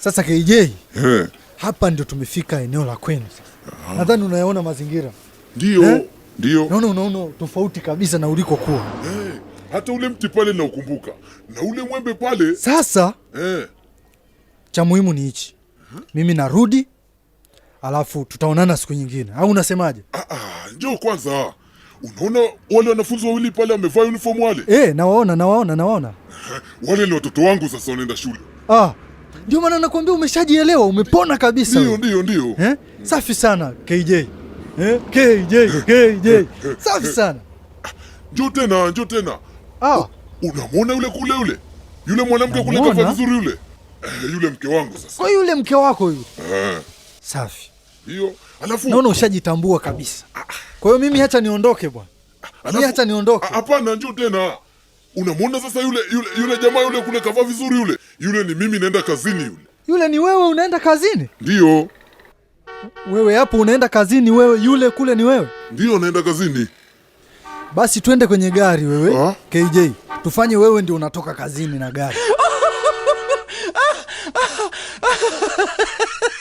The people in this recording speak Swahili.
Sasa KJ, hapa ndio tumefika eneo la kwenu sasa. Nadhani unayaona mazingira. Ndio, eh? ndio. Naona unaona tofauti kabisa na ulikokuwa. Eh, hata ule mti pale naukumbuka na ule mwembe pale. Sasa eh. cha muhimu ni hichi, mimi narudi alafu tutaonana siku nyingine, au unasemaje? Ah, ah, njoo kwanza. Unaona wale wanafunzi wawili pale wamevaa uniform wale? Eh, nawaona nawaona nawaona. wale ni watoto wangu sasa wanaenda shule. Ah. Ndio maana nakwambia umeshajielewa, umepona kabisa. Ndio, ndio, ndio. Eh? Safi sana KJ. Eh? KJ, KJ. Eh, eh, eh, Safi sana. Njoo tena, njoo tena. Ah, oh, unamwona yule kule yule? Yule mwanamke kule kafa vizuri yule. Eh, yule mke wangu sasa. Kwa yule mke wako yule. Eh. Safi. Hiyo, alafu naona ushajitambua kabisa. Ah, ah. Kwa hiyo mimi hacha niondoke bwana. Mimi hacha niondoke. Hapana, njoo tena. Unamwona sasa yule yule yule jamaa yule kule kavaa vizuri yule yule, ni mimi naenda kazini. Yule yule ni wewe, unaenda kazini? ndio Wewe hapo unaenda kazini wewe? Yule kule ni wewe? ndio naenda kazini. Basi twende kwenye gari wewe ha? Ah. KJ, tufanye wewe ndio unatoka kazini na gari